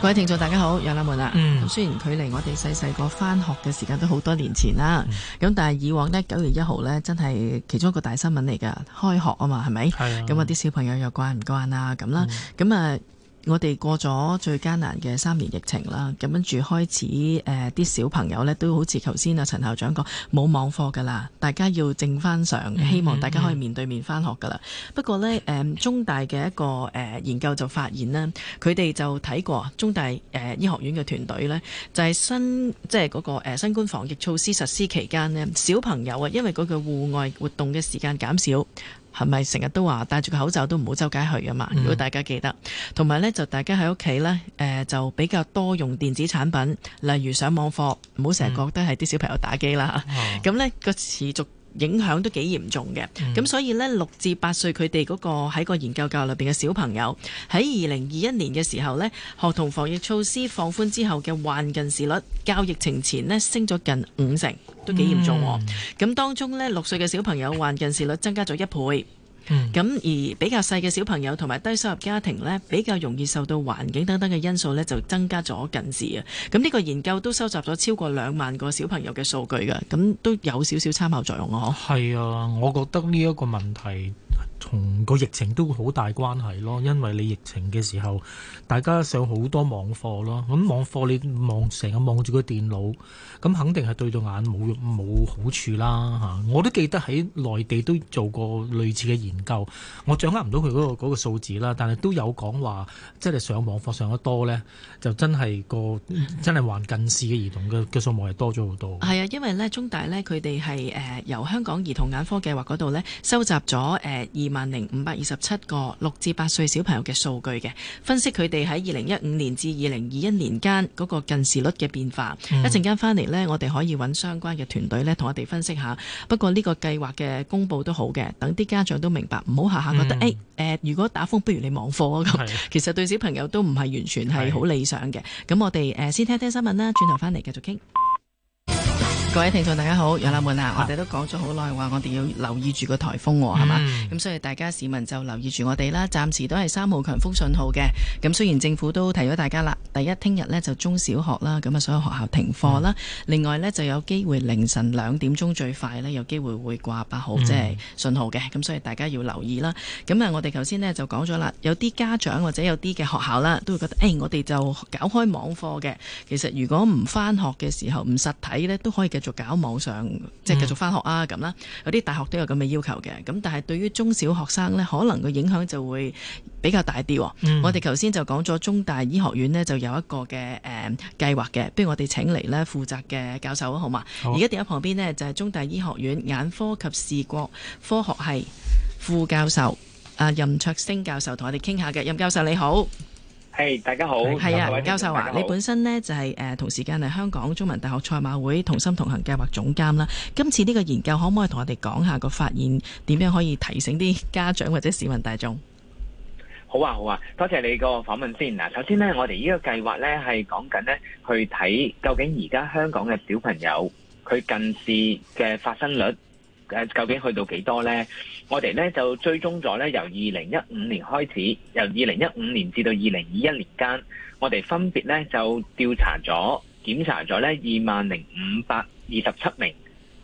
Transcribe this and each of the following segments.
各位聽眾大家好，楊立門啊，咁、嗯、雖然距離我哋細細個翻學嘅時間都好多年前啦，咁、嗯、但係以往呢九月一號呢真係其中一個大新聞嚟噶，開學啊嘛，係咪？係咁啊，啲小朋友又慣唔慣啊，咁、嗯、啦，咁啊。我哋過咗最艱難嘅三年疫情啦，咁跟住開始誒啲、呃、小朋友咧，都好似頭先阿陳校長講冇網課㗎啦，大家要正返上，希望大家可以面對面返學㗎啦、嗯嗯嗯。不過呢，誒中大嘅一個誒研究就發現咧，佢哋就睇過中大誒醫學院嘅團隊呢，就係、是、新即係嗰個新冠防疫措施實施期間呢，小朋友啊，因為嗰個戶外活動嘅時間減少。係咪成日都話戴住個口罩都唔好周街去啊嘛？如果大家記得，同、嗯、埋呢就大家喺屋企呢、呃，就比較多用電子產品，例如上網課，唔好成日覺得係啲小朋友打機啦。咁、嗯、呢個持續。影響都幾嚴重嘅，咁、嗯、所以呢，六至八歲佢哋嗰個喺個研究教裏面嘅小朋友，喺二零二一年嘅時候呢，學童防疫措施放寬之後嘅患近視率，較疫情前呢升咗近五成，都幾嚴重喎。咁、嗯、當中呢，六歲嘅小朋友患近視率增加咗一倍。咁、嗯、而比較細嘅小朋友同埋低收入家庭呢，比較容易受到環境等等嘅因素呢，就增加咗近視啊！咁呢個研究都收集咗超過兩萬個小朋友嘅數據嘅，咁都有少少參考作用啊！嗬，係啊，我覺得呢一個問題。同個疫情都好大關係咯，因為你疫情嘅時候，大家上好多網課咯。咁網課你望成日望住個電腦，咁肯定係對到眼冇冇好處啦嚇。我都記得喺內地都做過類似嘅研究，我掌握唔到佢嗰個嗰個數字啦，但係都有講話，即係上網課上得多呢，就真係個真係患近視嘅兒童嘅嘅數目係多咗好多。係啊，因為呢，中大呢，佢哋係誒由香港兒童眼科計劃嗰度呢，收集咗誒萬零五百二十七個六至八歲小朋友嘅數據嘅分析，佢哋喺二零一五年至二零二一年間嗰個近視率嘅變化。一陣間翻嚟呢，我哋可以揾相關嘅團隊呢同我哋分析一下。不過呢個計劃嘅公布都好嘅，等啲家長都明白，唔好下下覺得誒誒、嗯欸呃，如果打風不如你網課啊咁。其實對小朋友都唔係完全係好理想嘅。咁我哋誒、呃、先聽聽新聞啦，轉頭翻嚟繼續傾。各位聽眾大家好，楊立門啊，我哋都講咗好耐話，我哋要留意住個颱風喎，係、嗯、嘛？咁所以大家市民就留意住我哋啦。暫時都係三號強風信號嘅。咁雖然政府都提咗大家啦，第一聽日咧就中小學啦，咁啊所有學校停課啦。嗯、另外咧就有機會凌晨兩點鐘最快咧有機會會掛八號，即、嗯、係、就是、信號嘅。咁所以大家要留意啦。咁啊，我哋頭先咧就講咗啦，有啲家長或者有啲嘅學校啦，都會覺得誒、哎，我哋就搞開網課嘅。其實如果唔翻學嘅時候唔實體咧，都可以繼續搞網上，即係繼續翻學啊，咁啦、嗯。有啲大學都有咁嘅要求嘅。咁但係對於中小學生呢，可能個影響就會比較大啲、嗯。我哋頭先就講咗中大醫學院呢，就有一個嘅誒、呃、計劃嘅，不如我哋請嚟呢負責嘅教授好嘛？而家電話旁邊呢，就係、是、中大醫學院眼科及視覺科學系副教授阿、呃、任卓昇教授，同我哋傾下嘅。任教授你好。誒，大家好，係啊，教授啊，你本身呢就係誒同時間係香港中文大學賽馬會瞳心童行計劃總監啦。今次呢個研究可唔可以同我哋講下個發現，點樣可以提醒啲家長或者市民大眾？好啊，好啊，多謝你個訪問先。嗱，首先呢，我哋呢個計劃呢係講緊呢去睇究竟而家香港嘅小朋友佢近視嘅發生率。究竟去到幾多呢？我哋咧就追蹤咗咧，由二零一五年開始，由二零一五年至到二零二一年間，我哋分別咧就調查咗、檢查咗咧二萬零五百二十七名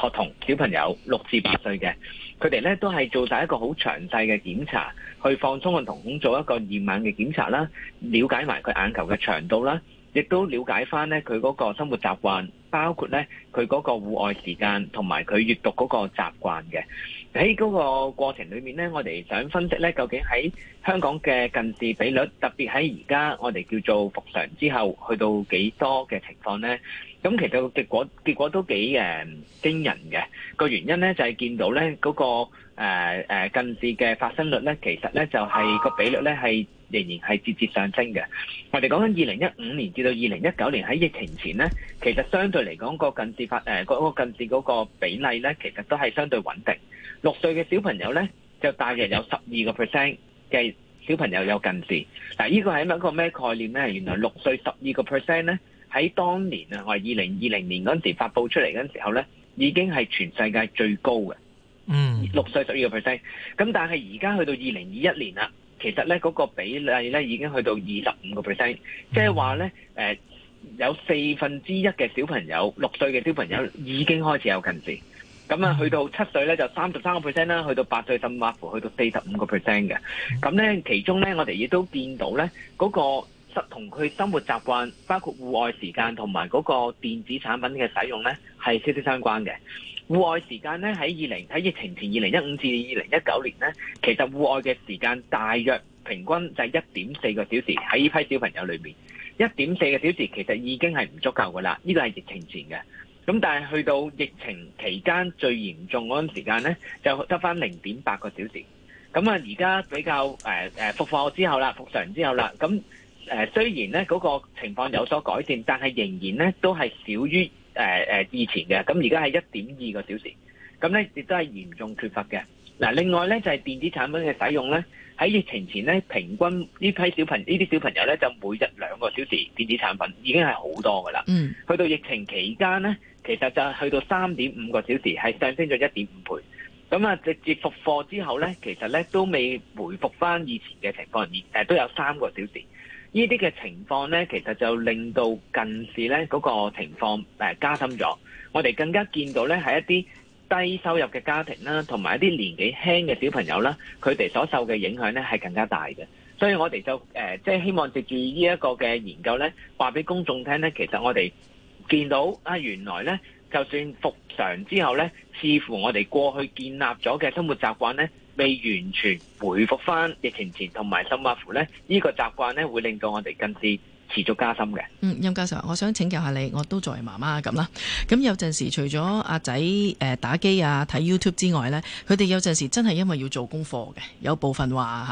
學童小朋友六至八歲嘅，佢哋咧都係做晒一個好詳細嘅檢查，去放鬆個瞳孔，做一個驗眼嘅檢查啦，了解埋佢眼球嘅長度啦，亦都了解翻咧佢嗰個生活習慣。包括咧佢嗰個戶外時間同埋佢閲讀嗰個習慣嘅。喺嗰個過程裏面咧，我哋想分析咧，究竟喺香港嘅近視比率，特別喺而家我哋叫做復常之後，去到幾多嘅情況咧？咁其實個結果結果都幾誒驚人嘅。個原因咧就係見到咧嗰個誒誒近視嘅發生率咧，其實咧就係個比率咧係仍然係節節上升嘅。我哋講緊二零一五年至到二零一九年喺疫情前咧，其實相對。嚟講個近視發誒個近視嗰個比例咧，其實都係相對穩定。六歲嘅小朋友咧，就大約有十二個 percent 嘅小朋友有近視。嗱，呢個係一個咩概念咧？原來六歲十二個 percent 咧，喺當年啊，我二零二零年嗰陣時發布出嚟嗰陣時候咧，已經係全世界最高嘅。嗯，六歲十二個 percent。咁但係而家去到二零二一年啦，其實咧嗰個比例咧已經去到二十五個 percent，即係話咧誒。呃有四分之一嘅小朋友，六歲嘅小朋友已經開始有近視，咁啊，去到七歲咧就三十三個 percent 啦，去到八歲，甚至乎去到四十五個 percent 嘅。咁咧，其中咧我哋亦都見到咧，嗰、嗰個同佢生活習慣，包括戶外時間同埋嗰個電子產品嘅使用咧，係息息相關嘅。戶外時間咧喺二零喺疫情前二零一五至二零一九年咧，其實戶外嘅時間大約平均就係一點四個小時喺呢批小朋友裏面。一點四個小時其實已經係唔足夠㗎喇，呢個係疫情前嘅。咁但係去到疫情期間最嚴重嗰陣時間咧，就得返零點八個小時。咁啊，而家比較誒誒復課之後啦，復常之後啦，咁誒雖然呢嗰個情況有所改善，但係仍然呢都係少於誒誒以前嘅。咁而家係一點二個小時，咁呢亦都係嚴重缺乏嘅。嗱，另外呢，就係電子產品嘅使用呢。喺疫情前咧，平均呢批小朋呢啲小朋友咧，就每日兩個小時電子產品已經係好多噶啦。嗯，去到疫情期間咧，其實就去到三點五個小時，係上升咗一點五倍。咁啊，直接復課之後咧，其實咧都未回復翻以前嘅情況，而、呃、誒都有三個小時呢啲嘅情況咧，其實就令到近視咧嗰個情況誒加深咗。我哋更加見到咧係一啲。低收入嘅家庭啦，同埋一啲年紀輕嘅小朋友啦，佢哋所受嘅影響咧，係更加大嘅。所以我哋就誒，即係希望藉住呢一個嘅研究咧，話俾公眾聽咧，其實我哋見到啊，原來咧，就算復常之後咧，似乎我哋過去建立咗嘅生活習慣咧，未完全。回覆翻疫情前同埋深挖符呢，呢、這個習慣呢會令到我哋近視持續加深嘅。嗯，任教授，我想請教下你，我都作為媽媽咁啦。咁有陣時除咗阿仔誒打機啊、睇 YouTube 之外呢，佢哋有陣時真係因為要做功課嘅，有部分話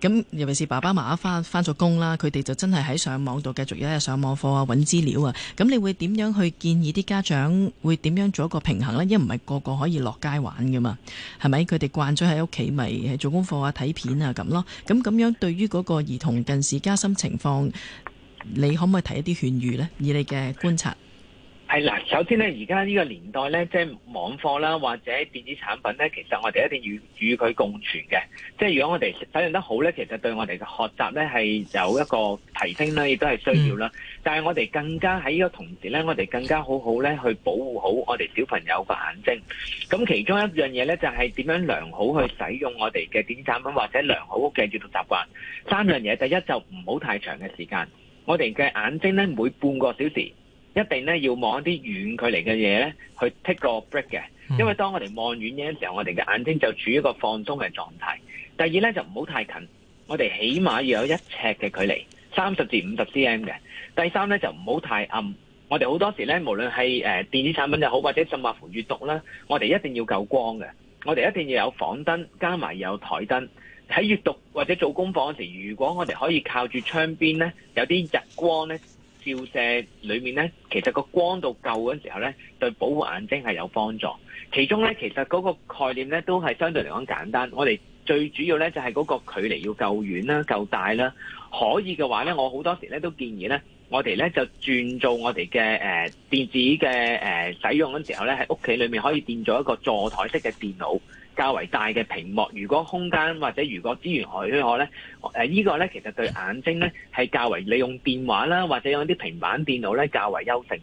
吓，咁、啊、尤其是爸爸媽媽翻翻咗工啦，佢哋就真係喺上網度繼續一日上網課啊、揾資料啊。咁你會點樣去建議啲家長會點樣做一個平衡呢？因為唔係個個可以落街玩嘅嘛？係咪佢哋慣咗喺屋企咪做功課啊？睇片啊，咁咯，咁咁樣對於嗰個兒童近視加深情況，你可唔可以提一啲勸喻咧？以你嘅觀察。係嗱，首先咧，而家呢個年代咧，即係網課啦，或者電子產品咧，其實我哋一定要與佢共存嘅。即係如果我哋使用得好咧，其實對我哋嘅學習咧係有一個提升啦，亦都係需要啦。但係我哋更加喺呢個同時咧，我哋更加好好咧去保護好我哋小朋友嘅眼睛。咁其中一樣嘢咧，就係點樣良好去使用我哋嘅電子產品或者良好嘅閱讀習慣。三樣嘢，第一就唔好太長嘅時間，我哋嘅眼睛咧每半個小時。一定咧要望一啲遠距離嘅嘢咧，去 take 個 break 嘅。因為當我哋望遠嘅時候，我哋嘅眼睛就處於一個放鬆嘅狀態。第二咧就唔好太近，我哋起碼要有一尺嘅距離，三十至五十 cm 嘅。第三咧就唔好太暗，我哋好多時咧無論係誒電子產品又好，或者甚至乎閲讀啦，我哋一定要夠光嘅。我哋一定要有房燈加埋有台燈。喺閲讀或者做功課嗰時，如果我哋可以靠住窗邊咧，有啲日光咧。照射裏面呢，其實個光度夠嗰陣時候呢，對保護眼睛係有幫助。其中呢，其實嗰個概念呢，都係相對嚟講簡單。我哋最主要呢，就係、是、嗰個距離要夠遠啦、夠大啦。可以嘅話呢，我好多時候呢都建議呢，我哋呢就轉做我哋嘅誒電子嘅誒、呃、使用嗰陣時候呢，喺屋企裏面可以變做一個座台式嘅電腦。較為大嘅屏幕，如果空間或者如果資源許許可咧，誒、呃、依、呢個咧其實對眼睛咧係較為利用電話啦，或者用啲平板電腦咧較為優勝嘅。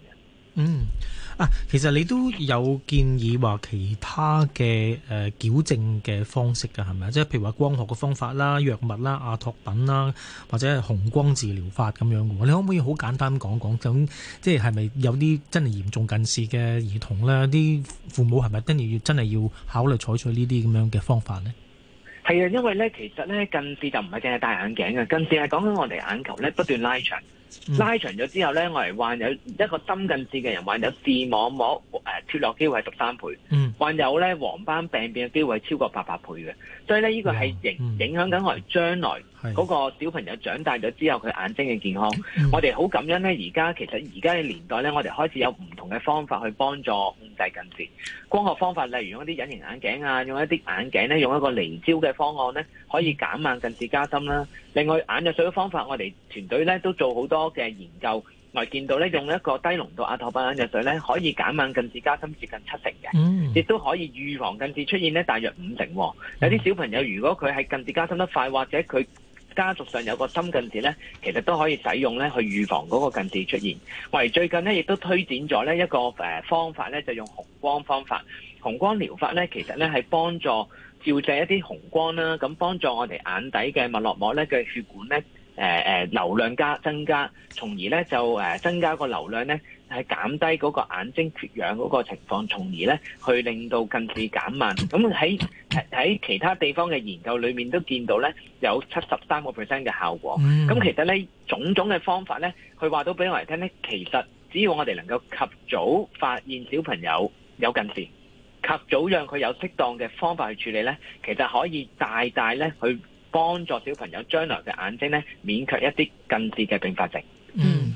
啊，其實你都有建議話其他嘅誒矯正嘅方式㗎，係咪啊？即係譬如話光學嘅方法啦、藥物啦、阿托品啦，或者紅光治療法咁樣嘅。你可唔可以好簡單講講？咁即係係咪有啲真係嚴重近視嘅兒童咧？啲父母係咪真係要真係要考慮採取呢啲咁樣嘅方法呢？係啊，因為咧其實咧近視就唔係淨係戴眼鏡嘅，近視係講緊我哋眼球咧不斷拉長。嗯、拉長咗之後咧，我哋患有一個深近視嘅人，患有視網膜誒呃、脫落機會係十三倍，嗯，患有咧黃斑病變嘅機會係超過八百倍嘅，所以咧呢個係影、嗯嗯、影響緊我哋將來。嗰、那個小朋友長大咗之後，佢眼睛嘅健康，嗯、我哋好感恩咧。而家其實而家嘅年代咧，我哋開始有唔同嘅方法去幫助控制、就是、近視。光學方法例如用一啲隱形眼鏡啊，用一啲眼鏡咧，用一個離焦嘅方案咧，可以減慢近視加深啦、啊嗯。另外眼藥水嘅方法，我哋團隊咧都做好多嘅研究，我見見到咧用一個低濃度阿托品眼藥水咧，可以減慢近視加深接近七成嘅，亦、嗯、都可以預防近視出現咧大約五成、啊嗯。有啲小朋友如果佢係近視加深得快，或者佢家族上有個深近視呢，其實都可以使用呢去預防嗰個近視出現。我哋最近呢，亦都推展咗一個誒方法呢就用紅光方法。紅光療法呢，其實呢係幫助照射一啲紅光啦，咁幫助我哋眼底嘅脈絡膜呢嘅血管呢，呃、流量加增加，從而呢就誒增加個流量呢。係減低嗰個眼睛缺氧嗰個情況，從而咧去令到近視減慢。咁喺喺其他地方嘅研究裏面都見到咧，有七十三個 percent 嘅效果。咁其實咧，種種嘅方法咧，佢話到俾我哋聽咧，其實只要我哋能夠及早發現小朋友有近視，及早讓佢有適當嘅方法去處理咧，其實可以大大咧去幫助小朋友將來嘅眼睛咧，免卻一啲近視嘅併發症。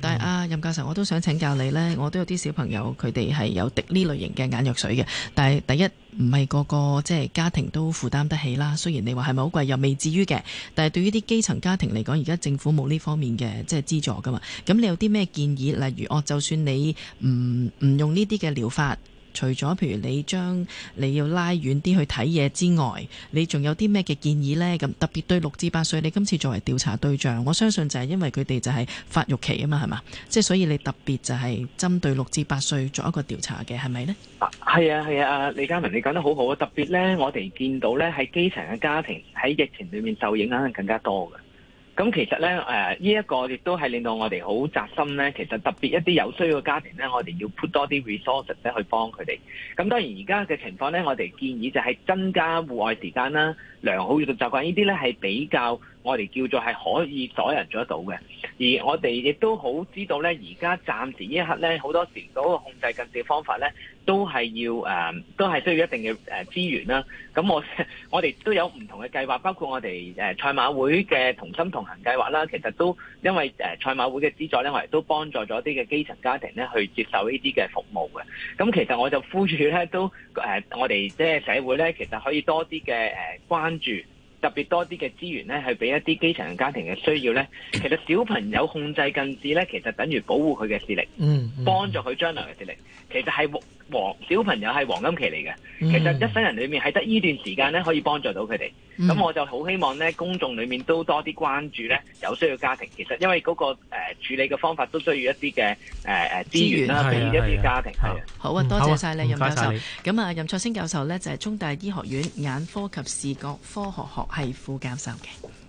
但係啊，任教授，我都想請教你呢，我都有啲小朋友，佢哋係有滴呢類型嘅眼藥水嘅。但係第一唔係個個即係家庭都負擔得起啦。雖然你話係咪好貴，又未至於嘅。但係對於啲基層家庭嚟講，而家政府冇呢方面嘅即係資助噶嘛。咁你有啲咩建議？例如我就算你唔唔用呢啲嘅療法。除咗譬如你將你要拉遠啲去睇嘢之外，你仲有啲咩嘅建議咧？咁特別對六至八歲，你今次作為調查對象，我相信就係因為佢哋就係發育期啊嘛，係嘛？即係所以你特別就係針對六至八歲作一個調查嘅，係咪咧？係啊，係啊，啊，李嘉文，你講得好好啊！特別咧，我哋見到咧，喺基層嘅家庭喺疫情裏面受影響係更加多嘅。咁其實咧，誒、啊、呢一個亦都係令到我哋好扎心咧。其實特別一啲有需要嘅家庭咧，我哋要 put 多啲 resources 咧去幫佢哋。咁當然而家嘅情況咧，我哋建議就係增加戶外時間啦、良好閱讀習慣，呢啲咧係比較。我哋叫做係可以阻人做得到嘅，而我哋亦都好知道咧，而家暫時呢一刻咧，好多時嗰個控制近視嘅方法咧，都係要、呃、都係需要一定嘅資源啦。咁我我哋都有唔同嘅計劃，包括我哋誒賽馬會嘅同心同行計劃啦。其實都因為誒賽、呃、馬會嘅資助咧，我哋都幫助咗啲嘅基層家庭咧去接受呢啲嘅服務嘅。咁其實我就呼籲咧，都、呃、我哋即係社會咧，其實可以多啲嘅關注。特別多啲嘅資源咧，係俾一啲基層嘅家庭嘅需要咧。其實小朋友控制近視咧，其實等於保護佢嘅視力，嗯嗯、幫助佢將來嘅視力。其實係黃小朋友係黃金期嚟嘅、嗯。其實一生人裏面係得呢段時間咧，可以幫助到佢哋。咁我就好希望咧，公眾裏面都多啲關注咧，有需要家庭。其實因為嗰、那個誒、呃、處理嘅方法都需要一啲嘅誒誒資源啦、啊，俾一啲家庭係啊，啊，啊，啊，啊，啊。好啊，多謝晒你任教授。咁啊，任卓昇教授咧就係、是、中大醫學院眼科及視覺科學學。係副教授嘅。